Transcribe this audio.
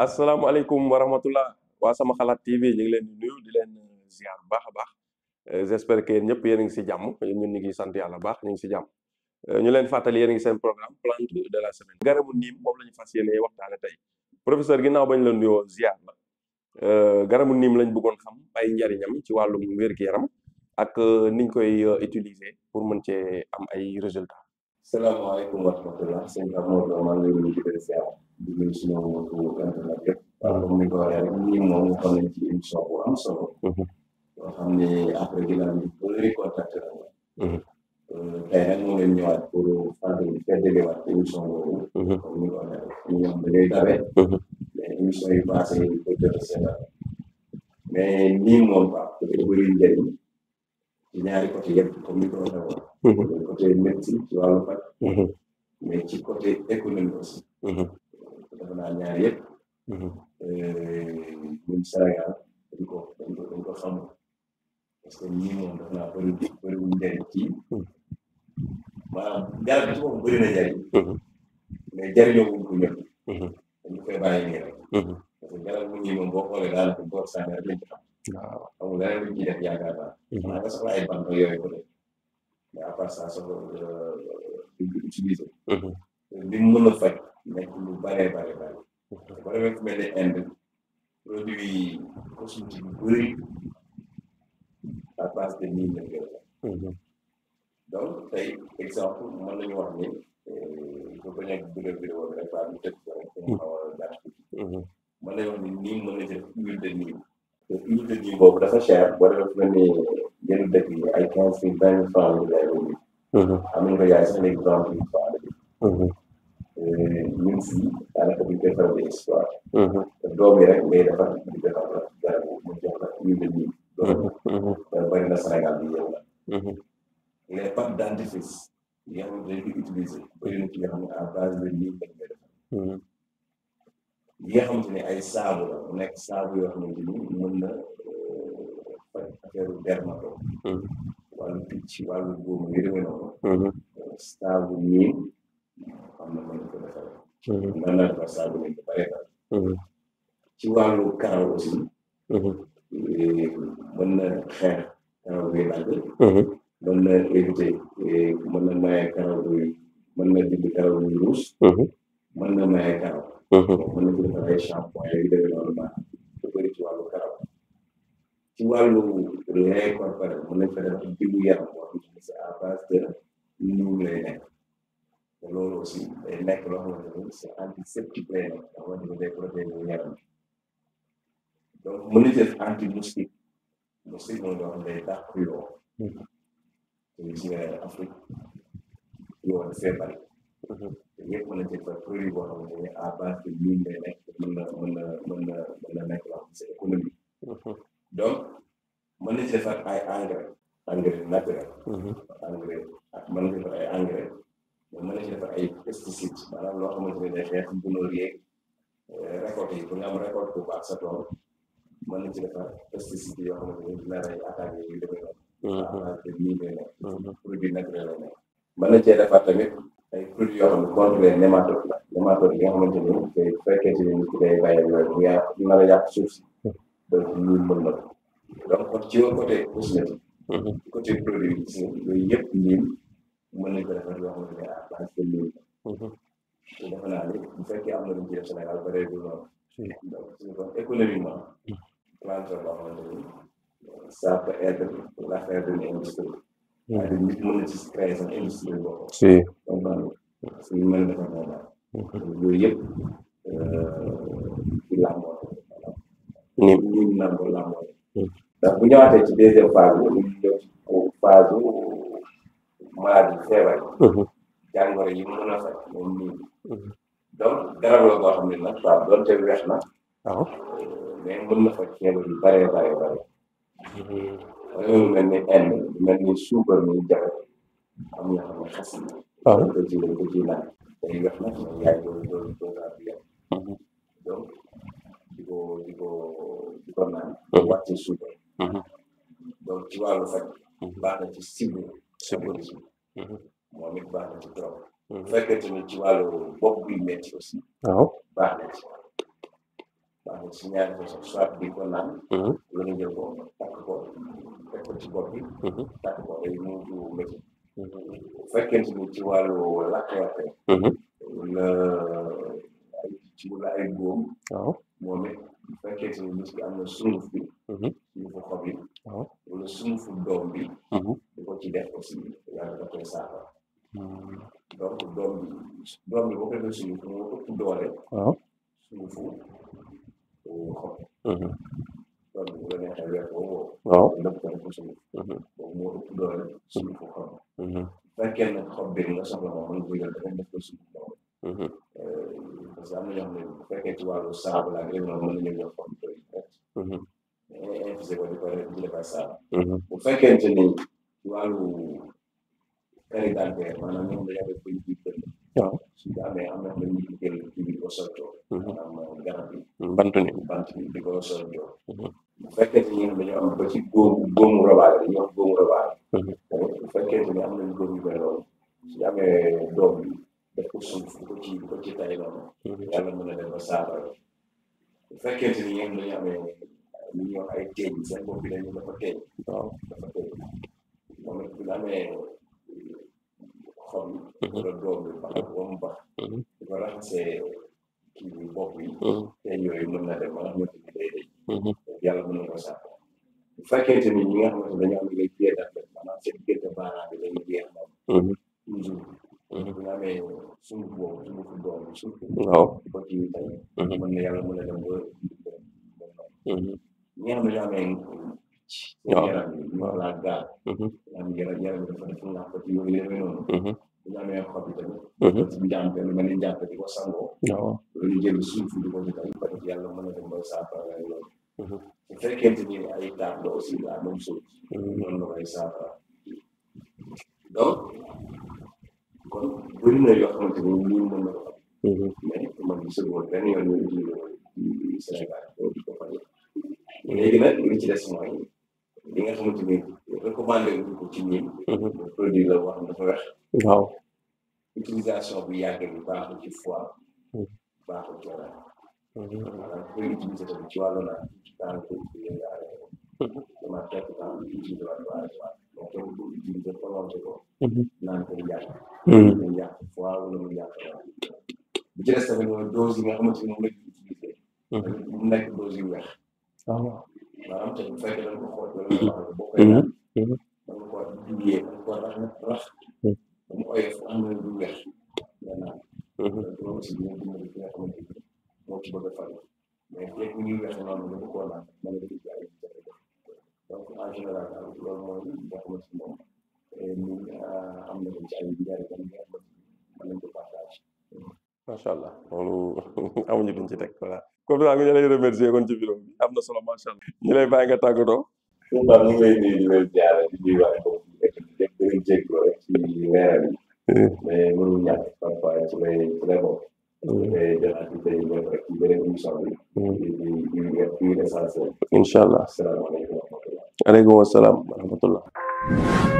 Assalamualaikum wa rahmatullah sama TV ñu ngi leen di nuyu di leen eh, ziar bu baax eh, j'espère que yéen ñëpp ngi ñun ngi sant ñu ngi eh, ñu leen ngi seen programme plante de la semaine garabu niim moom la ñu fas yéene professeur ginnaaw bañ la nuyoo ziar la garabu niim lañ bëggoon xam ay njariñam ci wàllum wér-gu-yaram ak niñ koy utiliser pour mën am ay résultats السلام عليكم ورحمة الله سيدنا محمد رمضان الجزائر بمشي نومك وكانت لك alors ni ko ni moom xam nañ ci émission bu am solo. yoo xam ne après ginnaaw bi pour ñu contacté la woon. tey nag mu leen ñëwaat pour fàttali feddaliwaat émission boobu. comme ni ko waxee ñu am da ngay mhm. tawee. Mhm. Eh, eh, eh, mhm. Mi émission yi passé mi ko jot a seetal. mais nii moom quoi dafa bëri njëriñ ci ñaari mi yëpp comme ni ko waxee woon. ci mm-hmm. côté médecine ci wàllu faj mais ci côté économie mm-hmm. ñaar yëpp mm-hmm. euh, ñun Sénégal dañ ko dañ ko dañ ko xamul parce que ñii moom dafa naa bëri bëri wuñ njëriñ ci maanaam garab bi ci moom bëri na njëriñ mais jëriñoo wuñ ko ñëpp dañu koy bàyyi nii rek parce que garab bu ñii moom boo xoolee daal ko boor sànni rek xam waaw amul leneen luñ ciy def yaakaar naa xanaa nga soxla ay bant yooyu ko mais à part ça soxla duñ ko utiliser. mën a faj nekk lu bëree bëri bëri. ba demee fu mel ne Inde produit cosmétique bëri à base de niim lañ koy def. donc tey exemple mën nañu wax ni bu ko nekk bureau bureau bi rek waa mu xaw a daal te mel ni. yenn dëkk yi ay quinze mille vingt mille franc lañu lay wóññi. Mhm. am nañu ko yaay sax léegi trente mille franc lañu. Mhm. Euh, ñun fii daanaka duñ koy faral di exploité. te doom yi rek ngay defar di defar garab mu jox la ñu ne nii. loolu bari na Sénégal bi yow la. Mhm. les pâtes dentifrice yi nga xam ne dañ koy utiliser bari na ci yoo xam ne à base de lii lañ koy defar. yi nga xamante ne ay saabu la mu nekk saabu yoo xamante ni mën na. affaire dermato mm-hmm. wàllu picc wàllu góom yu demee noonu mm-hmm. euh, saabu nii am na mën saabu mm-hmm. nii ba pare ci wàllu karaw aussi euh, mën na xeex karaw bi na éviter euh, mën na maye karaw bi mën na dindi karaw bi ruus mën na maye karaw mën na ko defal ay shampoing yu demee noonu baax lu ci wàllu karaw ci a lait corporel mu nekk dafa diwu yaram boo xam ne a à base de ñuul lay nekk te loolu aussi day nekk loo xamante ni c'est antiseptique lay nekk nga xamante ni day anti moustique moustique mooy loo xam ne day dàq Afrique yoo dafay bari te yëpp mën na jël produit base de ñuul lay nekk mën na mën na mën na mën donc mën nañ see fat ay engrais engrais naturel mhm. engrais mën ay engrais mais mën ay pesticides maanaam loo xamante ne day xeex gunóor yeeg euh, récolte yi pour nga am récolte bu baax sa tool mën nañ ci defar pesticides yoo xamante ne dina rey attaques yi yu mhm. mhm. produit naturel la nekk mën nañ cee defar tamit ay produits yoo xam ne contre nématode la nématode yi nga xamante ni fekkee ci nit ki day bàyyi yooyu mu a yàq suuf si donc ñu mën na ko ci côté cosmétique côté produit a defar moom mhm. daal ni ñu nangu làmboo ndax bu ñëwaatee ci deuxième phase bi ñu donc garab la boo xam ne nag waaw doonte weex na waaw mais mën na bare bare bare réew mhm. mel ni Inde lu ni suukar muy jafe donc di ko di ko di ko naan mhm. wàccee mhm. ci wàllu faj mhm. baax na ci cible sabolisme moom ci trop bu fekkee tamit ci ci baax na soit di naan wala nga jël ko takk ko teg ko takk ko ay muutu métti bu fekkee ci wàllu lakk-lakk la ay ci wala ay waaw moom it bu fekkee ne nit ki am na sunguf bi mhm. sungufu xob yi wala sungufu doom bi mhm. di ko ci def aussi yàlla da koy saafara hmm. donc doom bi doom bi boo ko defee sunguf mu ëpp doole sungufu euh, xob mhm. doom bi bu la neexee weer ko woo waaw lépp ko def ko sunguf boobu moo ëpp doole sungufu xob bu fekkee ne xob bi nga soxla moom mën nga ko jël dafa def ko sunguf siamo gli ombrelli, che tu hai allo sabato la mm-hmm. eh, mm-hmm. che non è meglio fatto e fazer quando for de passar o fake engine igual o caridade que é mas não me leva por isso se dá me a me lembro que ele que me gosta de não garanti bantuni bantuni que gosta de o fake engine me leva um pouco bom bom robar ele é bom robar o fake engine me leva um pouco melhor se dá me dobro percorso ufukoti ukotetayibamo yalondola basaba faculty yendo yabe niyo aitin sembo bila ni bafate bafate mama kulame khom do do ba bomba wala se ki bokku yi te yoy mën na dem wala mën na dem yalla mën na ko sa faculty ni nga xamantene dañu am liggéey da manam seen gëdd baara bi dañu jeex mom suñu boobu suñu football bi surtout. waaw ko ci tey. Mm-hmm. mën na yàlla mën na dem ba. ñi nga xam ne amee yaram yi wala gaal. Mm-hmm. am yaram yaram dafa def nga ko ci yooyu demee noonu. Mm-hmm. ñu amee xob yi tamit. parce que jàmm benn mën nañ jàpp di ko sangoo. waaw loolu jël suuf di ko ci tamit parce que yàlla mën na dem ba saafara loolu. bu fekkente ni ay taab la aussi la même chose. noonu la koy saafara donc. bëri na yoo xamante ni lii mën na ko am. Mhm. mais man gisaguma benn yoon ñu utilisé woon Sénégal di ko fay. Mhm. léegi nag li ci des mooy li nga xamante ni recommandé wuñ ko ci ñun. Mhm. produit la wax dafa wex. waaw utilisation bu yàgg bi baaxul ci foie. baaxul ci wàll. maanaam koy utiliser tamit ci wàllu naan daanaka utiliser daal damaa fekk daal utiliser wàllu waaye waaye mais kenn du utiliser prolongé ko. naan koy yàgg. ci des tamit mooy dose yi nga xamante ni moom la ñu utilisé. Mhm. mu nekk dose yu ah, xool wala boo koy a jugee a rax mhm. ba mu oyof am na lu weex nga naan. Mhm. loolu aussi dina ma ki nga xamante ni moo ci a faru mais loolu mooy li nga xamante ni eh, ah, ci ay macha allah loolu amuñu duñ ci teg voilà comme ça ñu lay remercier am na solo macha ñu lay bàyyi nga tàggatoo. suuf daal ñu ngi lay nuyu